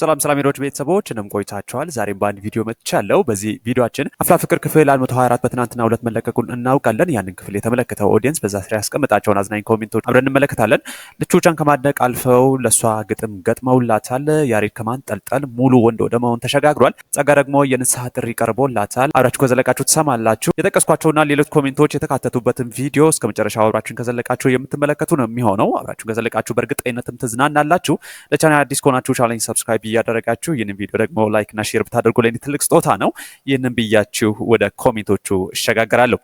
ሰላም ሰላም ሄዶች ቤተሰቦች እንም ቆይታችኋል? ዛሬም በአንድ ቪዲዮ መጥቻለሁ። በዚህ ቪዲዮችን አፍላ ፍቅር ክፍል 124 በትናንትና ሁለት መለቀቁን እናውቃለን። ያንን ክፍል የተመለከተው ኦዲየንስ በዛ ስራ ያስቀምጣቸውን አዝናኝ ኮሜንቶች አብረን እንመለከታለን። ልቾቻን ከማድነቅ አልፈው ለእሷ ግጥም ገጥመውላታል። ያሬድ ከማንጠልጠል ሙሉ ወንድ ወደ መሆን ተሸጋግሯል። ጸጋ ደግሞ የንስሐ ጥሪ ቀርቦላታል። አብራችሁ ከዘለቃችሁ ትሰማላችሁ። የጠቀስኳቸውና ሌሎች ኮሜንቶች የተካተቱበትን ቪዲዮ እስከ መጨረሻው አብራችሁን ከዘለቃችሁ የምትመለከቱ ነው የሚሆነው። አብራችሁን ከዘለቃችሁ በእርግጠኝነትም ትዝናናላችሁ። ለቻናል አዲስ ከሆናችሁ ቻናል ሰብስክራይብ እያደረጋችሁ ይህንን ቪዲዮ ደግሞ ላይክ እና ሼር ብታደርጉ ለእኔ ትልቅ ስጦታ ነው። ይህንን ብያችሁ ወደ ኮሜንቶቹ እሸጋገራለሁ።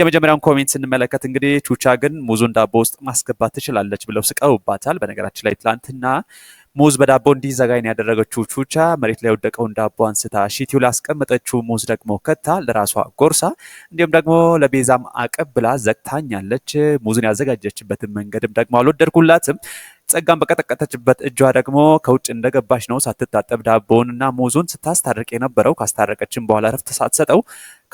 የመጀመሪያውን ኮሜንት ስንመለከት እንግዲህ ቹቻ ግን ሙዙን ዳቦ ውስጥ ማስገባት ትችላለች ብለው ስቀውባታል። በነገራችን ላይ ትላንትና ሙዝ በዳቦ እንዲዘጋኝ ያደረገችው ቹቻ መሬት ላይ ወደቀውን ዳቦ አንስታ ሺቲው ላስቀመጠችው ሙዝ ደግሞ ከታ ለራሷ ጎርሳ እንዲሁም ደግሞ ለቤዛም አቀብላ ዘግታኛለች። ሙዙን ያዘጋጀችበትን መንገድም ደግሞ አልወደድኩላትም። ጸጋን በቀጠቀጠችበት እጇ ደግሞ ከውጭ እንደገባች ነው ሳትታጠብ ዳቦውንና ሙዙን ስታስታርቅ የነበረው። ካስታረቀችን በኋላ ረፍት ሳትሰጠው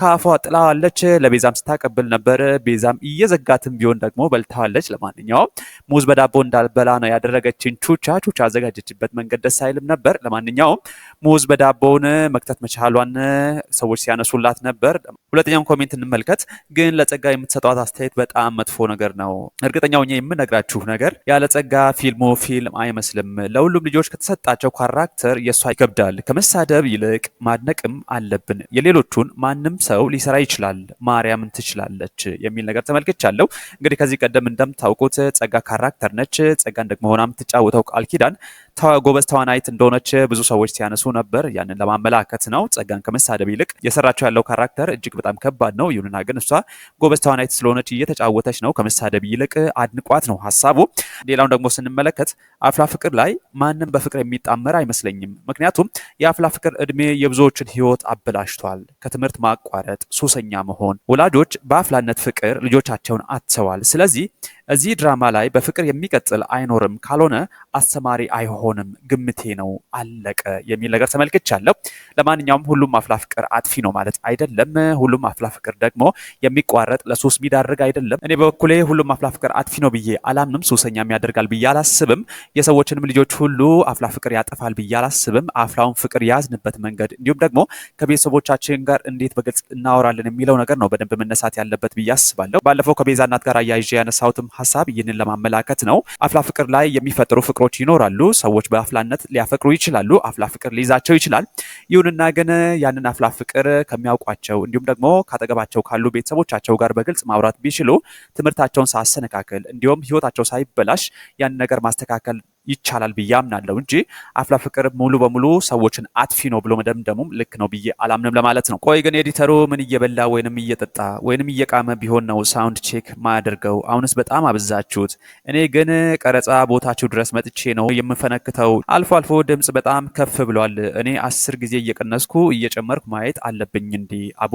ከአፏ ጥላዋለች። ለቤዛም ስታቀብል ነበር። ቤዛም እየዘጋትም ቢሆን ደግሞ በልታዋለች። ለማንኛውም ሙዝ በዳቦ እንዳልበላ ነው ያደረገችን ቹቻ። ቹቻ አዘጋጀችበት መንገድ ደስ አይልም ነበር። ለማንኛውም ሙዝ በዳቦውን መክተት መቻሏን ሰዎች ሲያነሱላት ነበር። ሁለተኛውን ኮሜንት እንመልከት። ግን ለጸጋ የምትሰጧት አስተያየት በጣም መጥፎ ነገር ነው። እርግጠኛ ሆኜ የምነግራችሁ ነገር ያለ ጸጋ ፊልሙ ፊልም አይመስልም። ለሁሉም ልጆች ከተሰጣቸው ካራክተር የእሷ ይከብዳል። ከመሳደብ ይልቅ ማድነቅም አለብን የሌሎቹን ማንም ሰው ሊሰራ ይችላል፣ ማርያምን ትችላለች የሚል ነገር ተመልክቻለሁ። እንግዲህ ከዚህ ቀደም እንደምታውቁት ጸጋ ካራክተር ነች። ጸጋን ደግሞ ሆና የምትጫወተው ቃል ኪዳን ጎበዝ ተዋናይት እንደሆነች ብዙ ሰዎች ሲያነሱ ነበር። ያንን ለማመላከት ነው። ጸጋን ከመሳደብ ይልቅ የሰራቸው ያለው ካራክተር እጅግ በጣም ከባድ ነው። ይሁንና ግን እሷ ጎበዝ ተዋናይት ስለሆነች እየተጫወተች ነው። ከመሳደብ ይልቅ አድንቋት ነው ሀሳቡ። ሌላውን ደግሞ ስንመለከት አፍላ ፍቅር ላይ ማንም በፍቅር የሚጣመር አይመስለኝም። ምክንያቱም የአፍላ ፍቅር እድሜ የብዙዎችን ህይወት አበላሽቷል። ከትምህርት ማቋረጥ፣ ሱሰኛ መሆን፣ ወላጆች በአፍላነት ፍቅር ልጆቻቸውን አጥተዋል። ስለዚህ እዚህ ድራማ ላይ በፍቅር የሚቀጥል አይኖርም፣ ካልሆነ አስተማሪ አይሆንም፣ ግምቴ ነው አለቀ የሚል ነገር ተመልክቻለሁ። ለማንኛውም ሁሉም አፍላ ፍቅር አጥፊ ነው ማለት አይደለም። ሁሉም አፍላ ፍቅር ደግሞ የሚቋረጥ ለሱስ የሚዳርግ አይደለም። እኔ በበኩሌ ሁሉም አፍላ ፍቅር አጥፊ ነው ብዬ አላምንም። ሱሰኛም ያደርጋል ብዬ አላስብም። የሰዎችንም ልጆች ሁሉ አፍላ ፍቅር ያጠፋል ብዬ አላስብም። አፍላውን ፍቅር የያዝንበት መንገድ እንዲሁም ደግሞ ከቤተሰቦቻችን ጋር እንዴት በግልጽ እናወራለን የሚለው ነገር ነው በደንብ መነሳት ያለበት ብዬ አስባለሁ። ባለፈው ከቤዛ እናት ጋር አያይዤ ያነሳሁትም ሀሳብ ይህንን ለማመላከት ነው። አፍላ ፍቅር ላይ የሚፈጥሩ ፍቅሮች ይኖራሉ። ሰዎች በአፍላነት ሊያፈቅሩ ይችላሉ። አፍላ ፍቅር ሊይዛቸው ይችላል። ይሁንና ግን ያንን አፍላ ፍቅር ከሚያውቋቸው እንዲሁም ደግሞ ካጠገባቸው ካሉ ቤተሰቦቻቸው ጋር በግልጽ ማውራት ቢችሉ ትምህርታቸውን ሳያሰነካክል እንዲሁም ህይወታቸው ሳይበላሽ ያንን ነገር ማስተካከል ይቻላል ብዬ አምናለሁ እንጂ አፍላ ፍቅር ሙሉ በሙሉ ሰዎችን አጥፊ ነው ብሎ መደምደሙም ልክ ነው ብዬ አላምንም ለማለት ነው። ቆይ ግን ኤዲተሩ ምን እየበላ ወይንም እየጠጣ ወይንም እየቃመ ቢሆን ነው ሳውንድ ቼክ ማያደርገው? አሁንስ በጣም አብዛችሁት እኔ ግን ቀረጻ ቦታችሁ ድረስ መጥቼ ነው የምፈነክተው። አልፎ አልፎ ድምፅ በጣም ከፍ ብሏል። እኔ አስር ጊዜ እየቀነስኩ እየጨመርኩ ማየት አለብኝ። እንዲህ አቦ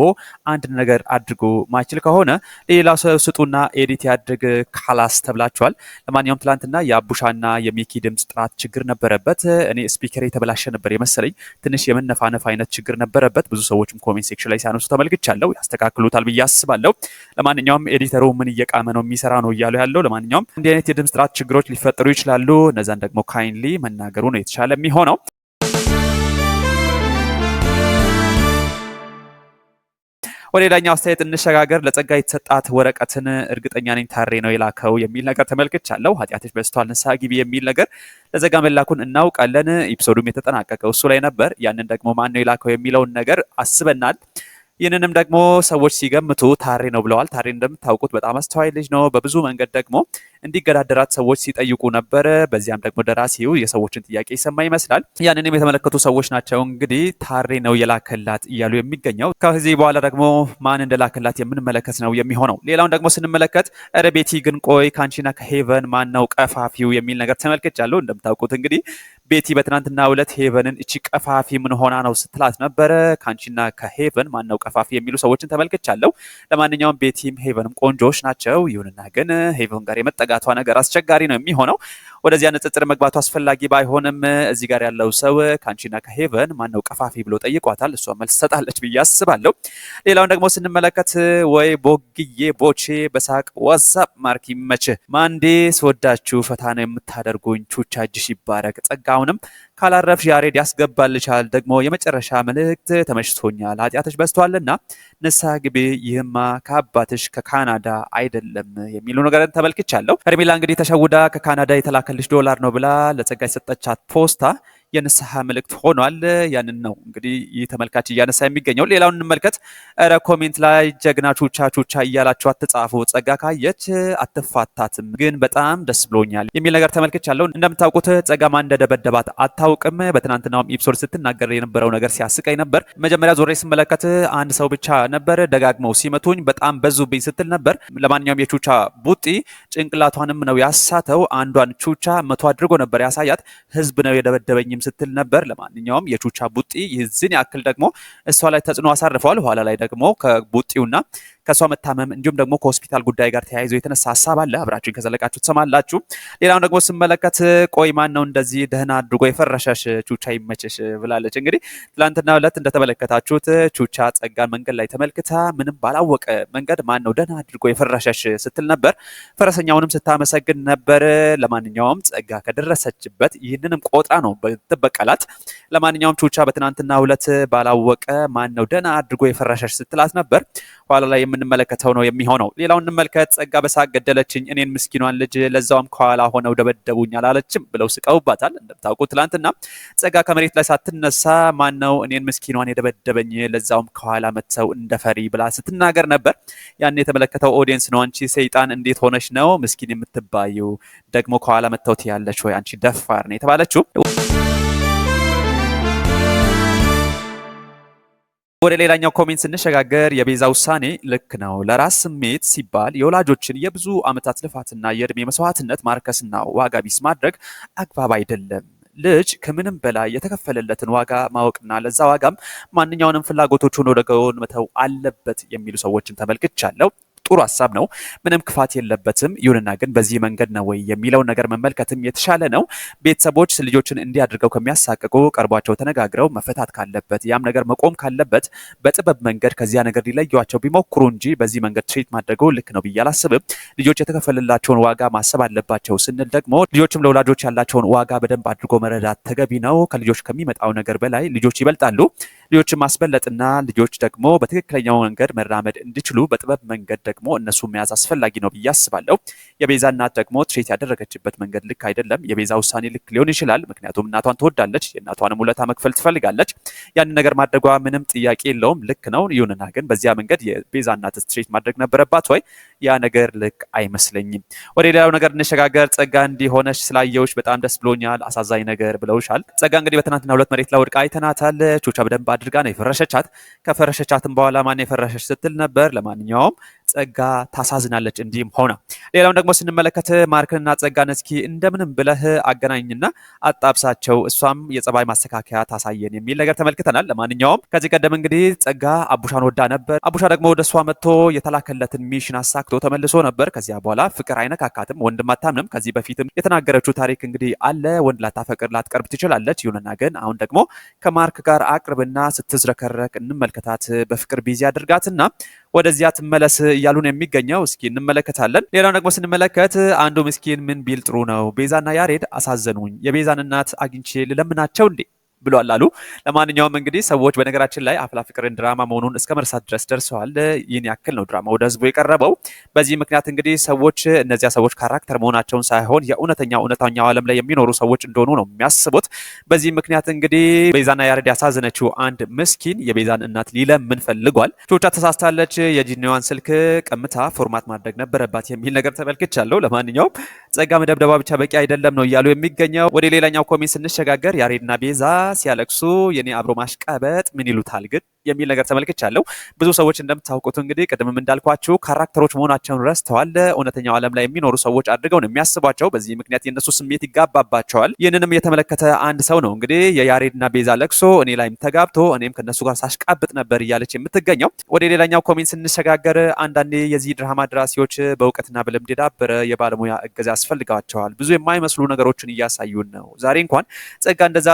አንድ ነገር አድርጎ ማይችል ከሆነ ሌላ ሰው ስጡና ኤዲት ያድርግ ካላስ ተብላችኋል። ለማንኛውም ትላንትና የአቡሻና የሚኪ የድምፅ ጥራት ችግር ነበረበት። እኔ ስፒከር የተበላሸ ነበር የመሰለኝ። ትንሽ የመነፋነፍ አይነት ችግር ነበረበት። ብዙ ሰዎችም ኮሜንት ሴክሽን ላይ ሲያነሱ ተመልክቻለሁ። ያስተካክሉታል ብዬ አስባለሁ። ለማንኛውም ኤዲተሩ ምን እየቃመ ነው የሚሰራ ነው እያሉ ያለው። ለማንኛውም እንዲህ አይነት የድምፅ ጥራት ችግሮች ሊፈጠሩ ይችላሉ። እነዛን ደግሞ ካይንሊ መናገሩ ነው የተሻለ የሚሆነው። ወደሌላኛው አስተያየት እንሸጋገር። ለጸጋ የተሰጣት ወረቀትን እርግጠኛ ነኝ ታሬ ነው የላከው የሚል ነገር ተመልክቻለሁ። ኃጢአትሽ በዝቷል ንስሐ ግቢ የሚል ነገር ለጸጋ መላኩን እናውቃለን። ኤፒሶዱም የተጠናቀቀው እሱ ላይ ነበር። ያንን ደግሞ ማን ነው የላከው የሚለውን ነገር አስበናል። ይህንንም ደግሞ ሰዎች ሲገምቱ ታሬ ነው ብለዋል። ታሬ እንደምታውቁት በጣም አስተዋይ ልጅ ነው። በብዙ መንገድ ደግሞ እንዲገዳደራት ሰዎች ሲጠይቁ ነበረ። በዚያም ደግሞ ደራሲው የሰዎችን ጥያቄ ይሰማ ይመስላል። ያንንም የተመለከቱ ሰዎች ናቸው እንግዲህ ታሬ ነው የላከላት እያሉ የሚገኘው። ከዚህ በኋላ ደግሞ ማን እንደላከላት የምንመለከት ነው የሚሆነው። ሌላውን ደግሞ ስንመለከት እረ ቤቲ ግን ቆይ ከአንቺና ከሄቨን ማን ነው ቀፋፊው የሚል ነገር ተመልክቻለሁ። እንደምታውቁት እንግዲህ ቤቲ በትናንትና ዕለት ሄቨንን እቺ ቀፋፊ ምን ሆና ነው ስትላት ነበረ። ከአንቺና ከሄቨን ማነው ቀፋፊ የሚሉ ሰዎችን ተመልክቻለሁ። ለማንኛውም ቤቲም ሄቨንም ቆንጆዎች ናቸው። ይሁንና ግን ሄቨን ጋር የመጠጋ የመረዳቷ ነገር አስቸጋሪ ነው የሚሆነው። ወደዚያ ንጽጽር መግባቱ አስፈላጊ ባይሆንም እዚህ ጋር ያለው ሰው ከአንቺና ከሄቨን ማነው ቀፋፊ ብሎ ጠይቋታል። እሷ መልስ ሰጣለች ብዬ አስባለሁ። ሌላውን ደግሞ ስንመለከት ወይ ቦግዬ ቦቼ በሳቅ ዋዛፕ ማርክ ይመች ማንዴ ስወዳችሁ ፈታ ነው የምታደርጉኝ ቹቻ እጅሽ ይባረክ ጸጋውንም ካላረፍሽ ያሬድ ያስገባልሻል። ደግሞ የመጨረሻ መልእክት ተመሽቶኛል፣ ኃጢአትሽ በዝቷልና ንሳ ግቢ፣ ይህማ ከአባትሽ ከካናዳ አይደለም የሚሉ ነገርን ተመልክቻለሁ። ሄርሜላ እንግዲህ ተሸውዳ ከካናዳ የተላከ የላከልሽ ዶላር ነው ብላ ለጸጋ የሰጠቻት ፖስታ የንስሐ መልእክት ሆኗል። ያንን ነው እንግዲህ ይህ ተመልካች እያነሳ የሚገኘው። ሌላውን እንመልከት። ረ ኮሜንት ላይ ጀግና ቹቻ ቹቻ እያላችሁ አትጻፉ። ጸጋ ካየች አትፋታትም፣ ግን በጣም ደስ ብሎኛል የሚል ነገር ያለው። እንደምታውቁት ጸጋ ማን እንደደበደባት አታውቅም። በትናንትናውም ኢፕሶድ ስትናገር የነበረው ነገር ሲያስቀኝ ነበር። መጀመሪያ ዞሬ ስመለከት አንድ ሰው ብቻ ነበር፣ ደጋግመው ሲመቱኝ በጣም በዙብኝ ስትል ነበር። ለማንኛውም የቹቻ ቡጢ ጭንቅላቷንም ነው ያሳተው። አንዷን ቹቻ መቶ አድርጎ ነበር ያሳያት። ህዝብ ነው የደበደበኝም ስትል ነበር። ለማንኛውም የቹቻ ቡጢ ይህዝን ያክል ደግሞ እሷ ላይ ተጽዕኖ አሳርፈዋል። ኋላ ላይ ደግሞ ከቡጢውና ከእሷ መታመም እንዲሁም ደግሞ ከሆስፒታል ጉዳይ ጋር ተያይዞ የተነሳ ሀሳብ አለ። አብራችሁን ከዘለቃችሁ ትሰማላችሁ። ሌላውን ደግሞ ስመለከት ቆይ ማን ነው እንደዚህ ደህና አድርጎ የፈረሸሽ ቹቻ ይመችሽ ብላለች። እንግዲህ ትላንትና ዕለት እንደተመለከታችሁት ቹቻ ጸጋን መንገድ ላይ ተመልክታ ምንም ባላወቀ መንገድ ማን ነው ደህና አድርጎ የፈረሸሽ ስትል ነበር። ፈረሰኛውንም ስታመሰግን ነበር። ለማንኛውም ጸጋ ከደረሰችበት ይህንንም ቆጥራ ነው በትበቀላት። ለማንኛውም ቹቻ በትናንትና ዕለት ባላወቀ ማን ነው ደህና አድርጎ የፈረሸሽ ስትላት ነበር። በኋላ ላይ የምንመለከተው ነው የሚሆነው። ሌላው እንመልከት። ጸጋ በሳቅ ገደለችኝ እኔን ምስኪኗን ልጅ ለዛውም ከኋላ ሆነው ደበደቡኝ አላለችም ብለው ስቀውባታል። እንደምታውቁ ትላንትና ጸጋ ከመሬት ላይ ሳትነሳ ማን ነው እኔን ምስኪኗን የደበደበኝ ለዛውም ከኋላ መጥተው እንደፈሪ ብላ ስትናገር ነበር። ያን የተመለከተው ኦዲየንስ ነው። አንቺ ሰይጣን እንዴት ሆነች ነው ምስኪን የምትባዩ ደግሞ ከኋላ መጥተውት ያለች ወይ አንቺ ደፋር ነው የተባለችው። ወደ ሌላኛው ኮሜንት ስንሸጋገር የቤዛ ውሳኔ ልክ ነው። ለራስ ስሜት ሲባል የወላጆችን የብዙ ዓመታት ልፋትና የእድሜ መስዋዕትነት ማርከስና ዋጋ ቢስ ማድረግ አግባብ አይደለም። ልጅ ከምንም በላይ የተከፈለለትን ዋጋ ማወቅና ለዛ ዋጋም ማንኛውንም ፍላጎቶቹን ወደ ጎን መተው አለበት የሚሉ ሰዎችን ተመልክቻለሁ። ጥሩ ሀሳብ ነው፣ ምንም ክፋት የለበትም። ይሁንና ግን በዚህ መንገድ ነው ወይ የሚለውን ነገር መመልከትም የተሻለ ነው። ቤተሰቦች ልጆችን እንዲያድርገው ከሚያሳቅቁ ቀርቧቸው ተነጋግረው መፈታት ካለበት ያም ነገር መቆም ካለበት በጥበብ መንገድ ከዚያ ነገር ሊለዩቸው ቢሞክሩ እንጂ በዚህ መንገድ ትሪት ማድረገው ልክ ነው ብዬ አላስብም። ልጆች የተከፈለላቸውን ዋጋ ማሰብ አለባቸው ስንል ደግሞ ልጆችም ለወላጆች ያላቸውን ዋጋ በደንብ አድርጎ መረዳት ተገቢ ነው። ከልጆች ከሚመጣው ነገር በላይ ልጆች ይበልጣሉ። ልጆችን ማስበለጥና ልጆች ደግሞ በትክክለኛው መንገድ መራመድ እንዲችሉ በጥበብ መንገድ ደግሞ ደግሞ እነሱ መያዝ አስፈላጊ ነው ብዬ አስባለሁ። የቤዛ እናት ደግሞ ትሬት ያደረገችበት መንገድ ልክ አይደለም። የቤዛ ውሳኔ ልክ ሊሆን ይችላል፣ ምክንያቱም እናቷን ትወዳለች፣ የእናቷንም ውለታ መክፈል ትፈልጋለች። ያንን ነገር ማድረጓ ምንም ጥያቄ የለውም፣ ልክ ነው። ይሁንና ግን በዚያ መንገድ የቤዛ እናት ትሬት ማድረግ ነበረባት ወይ? ያ ነገር ልክ አይመስለኝም። ወደ ሌላው ነገር እንሸጋገር። ጸጋ እንዲሆነች ስላየውች በጣም ደስ ብሎኛል፣ አሳዛኝ ነገር ብለውሻል። ጸጋ እንግዲህ በትናንትና ሁለት መሬት ላይ ወድቃ አይተናታለች። በደንብ አድርጋ ነው የፈረሸቻት። ከፈረሸቻትም በኋላ ማን የፈረሸች ስትል ነበር። ለማንኛውም ጸጋ ታሳዝናለች። እንዲህም ሆነ ሌላውን ደግሞ ስንመለከት ማርክንና ጸጋን እስኪ እንደምንም ብለህ አገናኝና አጣብሳቸው እሷም የጸባይ ማስተካከያ ታሳየን የሚል ነገር ተመልክተናል። ለማንኛውም ከዚህ ቀደም እንግዲህ ጸጋ አቡሻን ወዳ ነበር። አቡሻ ደግሞ ወደ እሷ መጥቶ የተላከለትን ሚሽን አሳክቶ ተመልሶ ነበር። ከዚያ በኋላ ፍቅር አይነካካትም፣ ወንድም አታምንም። ከዚህ በፊትም የተናገረችው ታሪክ እንግዲህ አለ። ወንድ ላታፈቅር ላትቀርብ ትችላለች። ይሁንና ግን አሁን ደግሞ ከማርክ ጋር አቅርብና ስትዝረከረክ እንመልከታት። በፍቅር ቢዚ አድርጋትና ወደዚያ ትመለስ እያሉ የሚገኘው። እስኪ እንመለከታለን። ሌላው ደግሞ ስንመለከት አንዱ ምስኪን ምን ቢል ጥሩ ነው፣ ቤዛና ያሬድ አሳዘኑኝ፣ የቤዛን እናት አግኝቼ ልለምናቸው እንዴ ብሏል አሉ። ለማንኛውም እንግዲህ ሰዎች በነገራችን ላይ አፍላ ፍቅርን ድራማ መሆኑን እስከ መርሳት ድረስ ደርሰዋል። ይህን ያክል ነው ድራማ ወደ ህዝቡ የቀረበው። በዚህ ምክንያት እንግዲህ ሰዎች እነዚያ ሰዎች ካራክተር መሆናቸውን ሳይሆን የእውነተኛ እውነተኛው ዓለም ላይ የሚኖሩ ሰዎች እንደሆኑ ነው የሚያስቡት። በዚህ ምክንያት እንግዲህ ቤዛና ያሬድ ያሳዝነችው አንድ ምስኪን የቤዛን እናት ሊለምን ፈልጓል። ቾቻ ተሳስታለች፣ የጂኒዋን ስልክ ቀምታ ፎርማት ማድረግ ነበረባት የሚል ነገር ተመልክቻለሁ። ለማንኛውም ጸጋ መደብደባ ብቻ በቂ አይደለም ነው እያሉ የሚገኘው። ወደ ሌላኛው ኮሜንት ስንሸጋገር ያሬድና ቤዛ ሲያለቅሱ የኔ አብሮ ማሽቀበጥ ምን ይሉታል ግን የሚል ነገር ተመልክቻለሁ። ብዙ ሰዎች እንደምታውቁት እንግዲህ ቅድምም እንዳልኳችሁ ካራክተሮች መሆናቸውን ረስተዋል። እውነተኛው ዓለም ላይ የሚኖሩ ሰዎች አድርገው ነው የሚያስቧቸው። በዚህ ምክንያት የእነሱ ስሜት ይጋባባቸዋል። ይህንንም የተመለከተ አንድ ሰው ነው እንግዲህ የያሬድና ቤዛ ለቅሶ እኔ ላይም ተጋብቶ እኔም ከነሱ ጋር ሳሽቃብጥ ነበር እያለች የምትገኘው። ወደ ሌላኛው ኮሜንት ስንሸጋገር አንዳንዴ የዚህ ድራማ ደራሲዎች በእውቀትና በልምድ የዳበረ የባለሙያ እገዛ ያስፈልጋቸዋል። ብዙ የማይመስሉ ነገሮችን እያሳዩን ነው። ዛሬ እንኳን ጸጋ እንደዛ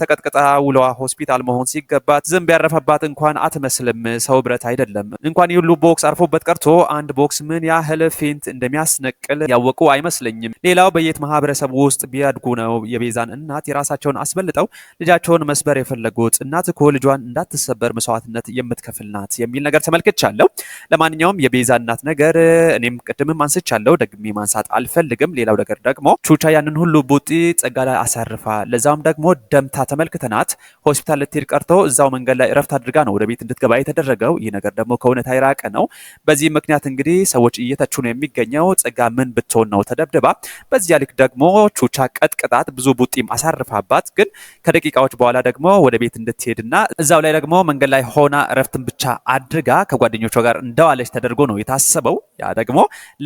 ተቀጥቅጣ ውለዋ ሆስፒታል መሆን ሲገባት ዝም ያረፈባትን እንኳን አትመስልም። ሰው ብረት አይደለም። እንኳን የሁሉ ቦክስ አርፎበት ቀርቶ አንድ ቦክስ ምን ያህል ፌንት እንደሚያስነቅል ያወቁ አይመስለኝም። ሌላው በየት ማህበረሰብ ውስጥ ቢያድጉ ነው የቤዛን እናት የራሳቸውን አስበልጠው ልጃቸውን መስበር የፈለጉት? እናት እኮ ልጇን እንዳትሰበር መስዋዕትነት የምትከፍል ናት የሚል ነገር ተመልክቻለሁ። ለማንኛውም የቤዛ እናት ነገር እኔም ቅድምም አንስቻለሁ፣ ደግሜ ማንሳት አልፈልግም። ሌላው ነገር ደግሞ ቹቻ ያንን ሁሉ ቡጢ ጸጋ ላይ አሳርፋ ለዛውም ደግሞ ደምታ ተመልክተናት ሆስፒታል ልትሄድ ቀርቶ እዛው መንገድ ላይ እረፍት አድርጋ ነው ወደ ቤት እንድትገባ የተደረገው። ይህ ነገር ደግሞ ከእውነት የራቀ ነው። በዚህ ምክንያት እንግዲህ ሰዎች እየተቹ ነው የሚገኘው። ጽጋ ምን ብትሆን ነው ተደብድባ፣ በዚያ ልክ ደግሞ ቹቻ ቀጥቅጣት፣ ብዙ ቡጢም አሳርፋባት፣ ግን ከደቂቃዎች በኋላ ደግሞ ወደ ቤት እንድትሄድና እዛው ላይ ደግሞ መንገድ ላይ ሆና እረፍትን ብቻ አድርጋ ከጓደኞቿ ጋር እንደዋለች ተደርጎ ነው የታሰበው። ያ ደግሞ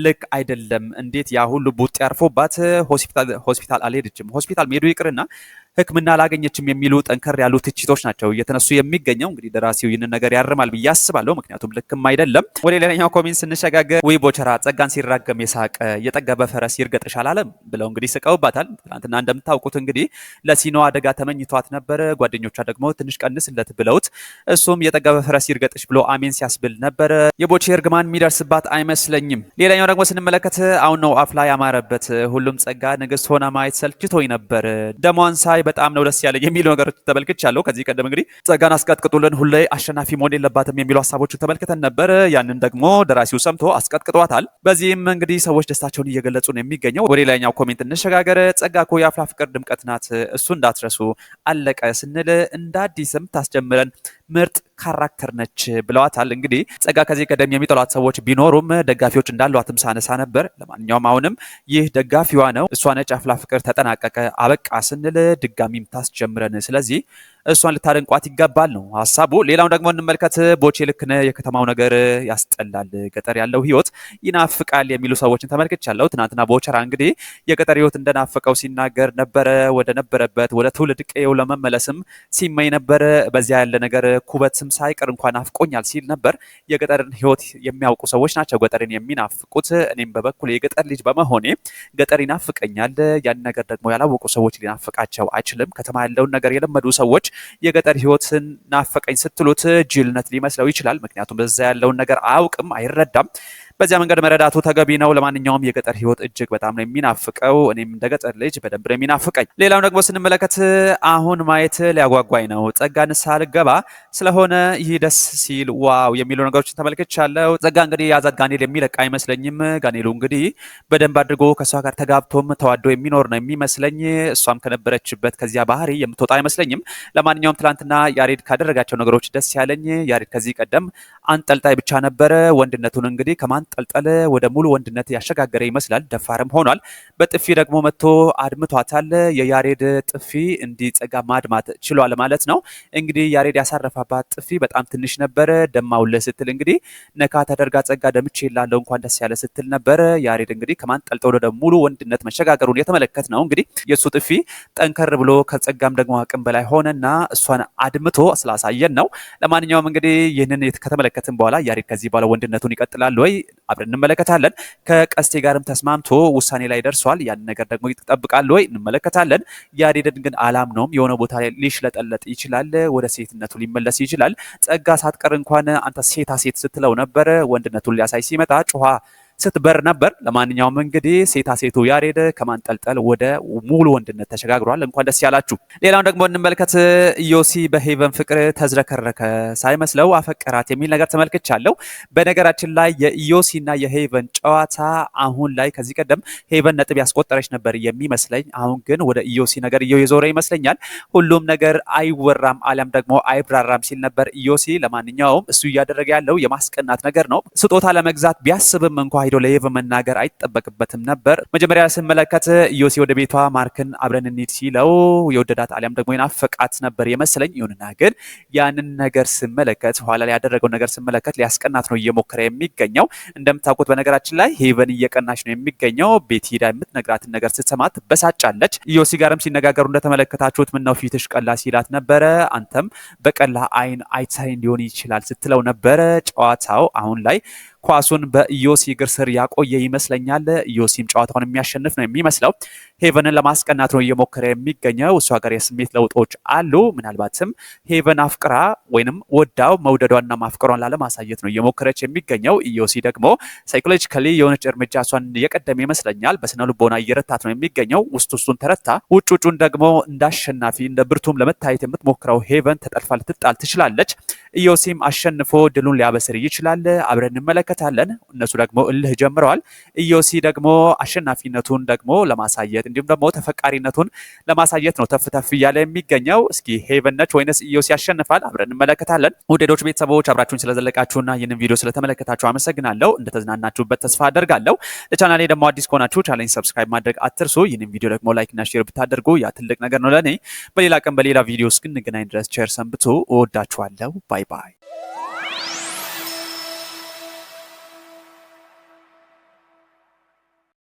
ልክ አይደለም። እንዴት ያ ሁሉ ቡጢ አርፎባት ሆስፒታል አልሄደችም። ሆስፒታል መሄዱ ይቅርና ሕክምና አላገኘችም የሚሉ ጠንከር ያሉ ትችቶች ናቸው እየተነሱ የሚገኘው። እንግዲህ ደራሲው ይህንን ነገር ያርማል ብዬ አስባለሁ፣ ምክንያቱም ልክም አይደለም። ወደ ሌላኛው ኮሜንት ስንሸጋገር ውይ ቦቸራ ጸጋን ሲራገም የሳቀ የጠገበ ፈረስ ይርገጥሽ አላለም ብለው እንግዲህ ስቀውባታል። ትናንትና እንደምታውቁት እንግዲህ ለሲኖ አደጋ ተመኝቷት ነበረ። ጓደኞቿ ደግሞ ትንሽ ቀንስለት ብለውት እሱም የጠገበ ፈረስ ይርገጥሽ ብሎ አሜን ሲያስብል ነበረ። የቦቼ እርግማን የሚደርስባት አይመስለኝም። ሌላኛው ደግሞ ስንመለከት አሁን ነው አፍላ ያማረበት ሁሉም ጸጋ ንግስት ሆና ማየት ሰልችቶኝ ነበር ደሟን ሳይ በጣም ነው ደስ ያለኝ የሚሉ ነገሮች ተመልክቻለሁ። ከዚህ ቀደም እንግዲህ ጸጋን አስቀጥቅጡልን ሁሌ አሸናፊ መሆን የለባትም የሚሉ ሀሳቦችን ተመልክተን ነበር። ያንን ደግሞ ደራሲው ሰምቶ አስቀጥቅጧታል። በዚህም እንግዲህ ሰዎች ደስታቸውን እየገለጹ ነው የሚገኘው። ወደ ሌላኛው ኮሜንት እንሸጋገር። ጸጋ እኮ የአፍላ ፍቅር ድምቀት ናት፣ እሱ እንዳትረሱ አለቀ ስንል እንደ አዲስ ምርጥ ካራክተር ነች ብለዋታል። እንግዲህ ጸጋ ከዚህ ቀደም የሚጠሏት ሰዎች ቢኖሩም ደጋፊዎች እንዳሏትም ሳነሳ ነበር። ለማንኛውም አሁንም ይህ ደጋፊዋ ነው። እሷ ነች አፍላ ፍቅር ተጠናቀቀ አበቃ ስንል ድጋሚም ታስጀምረን። ስለዚህ እሷን ልታደንቋት ይገባል ነው ሀሳቡ። ሌላውን ደግሞ እንመልከት። ቦቼ ልክነ የከተማው ነገር ያስጠላል፣ ገጠር ያለው ህይወት ይናፍቃል የሚሉ ሰዎችን ተመልክቻለሁ። ትናንትና ቦቸራ እንግዲህ የገጠር ህይወት እንደናፈቀው ሲናገር ነበረ። ወደ ነበረበት ወደ ትውልድ ቀየው ለመመለስም ሲመኝ ነበር። በዚያ ያለ ነገር ኩበትም ሳይቀር እንኳን አፍቆኛል ሲል ነበር። የገጠርን ህይወት የሚያውቁ ሰዎች ናቸው ገጠርን የሚናፍቁት። እኔም በበኩል የገጠር ልጅ በመሆኔ ገጠር ይናፍቀኛል። ያን ነገር ደግሞ ያላወቁ ሰዎች ሊናፍቃቸው አይችልም። ከተማ ያለውን ነገር የለመዱ ሰዎች የገጠር ህይወትን ናፈቀኝ ስትሉት ጅልነት ሊመስለው ይችላል። ምክንያቱም በዛ ያለውን ነገር አያውቅም፣ አይረዳም። በዚያ መንገድ መረዳቱ ተገቢ ነው። ለማንኛውም የገጠር ህይወት እጅግ በጣም ነው የሚናፍቀው። እኔም እንደ ገጠር ልጅ በደንብ ነው የሚናፍቀኝ። ሌላው ደግሞ ስንመለከት አሁን ማየት ሊያጓጓኝ ነው። ጸጋ ንስሐ ልገባ ስለሆነ ይህ ደስ ሲል ዋው የሚሉ ነገሮችን ተመልክቻለሁ። ጸጋ እንግዲህ ያዛት ጋኔል የሚለቅ አይመስለኝም። ጋኔሉ እንግዲህ በደንብ አድርጎ ከእሷ ጋር ተጋብቶም ተዋዶ የሚኖር ነው የሚመስለኝ። እሷም ከነበረችበት ከዚያ ባህሪ የምትወጣ አይመስለኝም። ለማንኛውም ትላንትና ያሬድ ካደረጋቸው ነገሮች ደስ ያለኝ ያሬድ ከዚህ ቀደም አንጠልጣይ ብቻ ነበረ። ወንድነቱን እንግዲህ ከማን እያንጠለጠለ ወደ ሙሉ ወንድነት ያሸጋገረ ይመስላል። ደፋርም ሆኗል። በጥፊ ደግሞ መጥቶ አድምቷታል። የያሬድ ጥፊ እንዲጸጋ ማድማት ችሏል ማለት ነው። እንግዲህ ያሬድ ያሳረፋባት ጥፊ በጣም ትንሽ ነበረ። ደማውለ ስትል እንግዲህ ነካ ተደርጋ ጸጋ ደምቼ ላለው እንኳን ደስ ያለ ስትል ነበረ። ያሬድ እንግዲህ ከማንጠልጠል ወደ ሙሉ ወንድነት መሸጋገሩን የተመለከት ነው። እንግዲህ የእሱ ጥፊ ጠንከር ብሎ ከጸጋም ደግሞ አቅም በላይ ሆነና እሷን አድምቶ ስላሳየን ነው። ለማንኛውም እንግዲህ ይህንን ከተመለከትን በኋላ ያሬድ ከዚህ በኋላ ወንድነቱን ይቀጥላል ወይ አብረን እንመለከታለን። ከቀስቴ ጋርም ተስማምቶ ውሳኔ ላይ ደርሷል። ያን ነገር ደግሞ ይጠብቃል ወይ እንመለከታለን። ያሬድን ግን ነውም የሆነ ቦታ ላይ ሊሽለጠለጥ ይችላል፣ ወደ ሴትነቱ ሊመለስ ይችላል። ጸጋ ሳትቀር እንኳን አንተ ሴታ ሴት ስትለው ነበረ። ወንድነቱን ሊያሳይ ሲመጣ ጮሃ ስትበር ነበር። ለማንኛውም እንግዲህ ሴታ ሴቱ ያሬድ ከማንጠልጠል ወደ ሙሉ ወንድነት ተሸጋግሯል። እንኳን ደስ ያላችሁ። ሌላውን ደግሞ እንመልከት። ኢዮሲ በሄቨን ፍቅር ተዝረከረከ ሳይመስለው አፈቀራት የሚል ነገር ተመልክቻለሁ። በነገራችን ላይ የኢዮሲና የሄቨን ጨዋታ አሁን ላይ ከዚህ ቀደም ሄቨን ነጥብ ያስቆጠረች ነበር የሚመስለኝ። አሁን ግን ወደ ኢዮሲ ነገር የዞረ ይመስለኛል። ሁሉም ነገር አይወራም አሊያም ደግሞ አይብራራም ሲል ነበር ኢዮሲ። ለማንኛውም እሱ እያደረገ ያለው የማስቀናት ነገር ነው። ስጦታ ለመግዛት ቢያስብም እንኳ ሄዶ ለየቭ መናገር አይጠበቅበትም ነበር። መጀመሪያ ስመለከት ዮሴ ወደ ቤቷ ማርክን አብረን እንሂድ ሲለው የወደዳት አሊያም ደግሞ የናፈቃት ነበር የመሰለኝ። ይሁንና ግን ያንን ነገር ስመለከት ኋላ ላይ ያደረገው ነገር ስመለከት ሊያስቀናት ነው እየሞከረ የሚገኘው። እንደምታውቁት በነገራችን ላይ ሄቨን እየቀናች ነው የሚገኘው። ቤት ሄዳ የምትነግራትን ነገር ስትሰማ ትበሳጫለች። ዮሲ ጋርም ሲነጋገሩ እንደተመለከታችሁት ምናው ፊትሽ ቀላ ሲላት ነበረ። አንተም በቀላ አይን አይታይ ሊሆን ይችላል ስትለው ነበረ። ጨዋታው አሁን ላይ ኳሱን በኢዮሲ እግር ስር ያቆየ ይመስለኛል። ኢዮሲም ጨዋታውን የሚያሸንፍ ነው የሚመስለው። ሄቨንን ለማስቀናት ነው እየሞከረ የሚገኘው። እሷ ጋር የስሜት ለውጦች አሉ። ምናልባትም ሄቨን አፍቅራ ወይንም ወዳው መውደዷና ማፍቀሯን ላለማሳየት ነው እየሞከረች የሚገኘው። ኢዮሲ ደግሞ ሳይኮሎጂካሊ የሆነች እርምጃ እሷን እየቀደመ ይመስለኛል። በስነ ልቦና እየረታት ነው የሚገኘው። ውስጥ ውስጡን ተረታ፣ ውጭ ውጩን ደግሞ እንደ አሸናፊ እንደ ብርቱም ለመታየት የምትሞክረው ሄቨን ተጠልፋ ልትጣል ትችላለች። ኢዮሲም አሸንፎ ድሉን ሊያበስር ይችላል። አብረን እንመለከት እንመለከታለን። እነሱ ደግሞ እልህ ጀምረዋል። ኢዮሲ ደግሞ አሸናፊነቱን ደግሞ ለማሳየት እንዲሁም ደግሞ ተፈቃሪነቱን ለማሳየት ነው ተፍተፍ እያለ የሚገኘው። እስኪ ሄቨን ነች ወይንስ ኢዮሲ ያሸንፋል? አብረን እንመለከታለን። ውዴዶች ቤተሰቦች አብራችሁን ስለዘለቃችሁና ይህንን ቪዲዮ ስለተመለከታችሁ አመሰግናለሁ። እንደተዝናናችሁበት ተስፋ አደርጋለሁ። ለቻናሌ ደግሞ አዲስ ከሆናችሁ ቻናሌን ሰብስክራይብ ማድረግ አትርሱ። ይህንን ቪዲዮ ደግሞ ላይክና ሼር ብታደርጉ ያ ትልቅ ነገር ነው ለእኔ። በሌላ ቀን በሌላ ቪዲዮ እስክንገናኝ ድረስ ቸር ሰንብቱ። እወዳችኋለሁ። ባይ ባይ።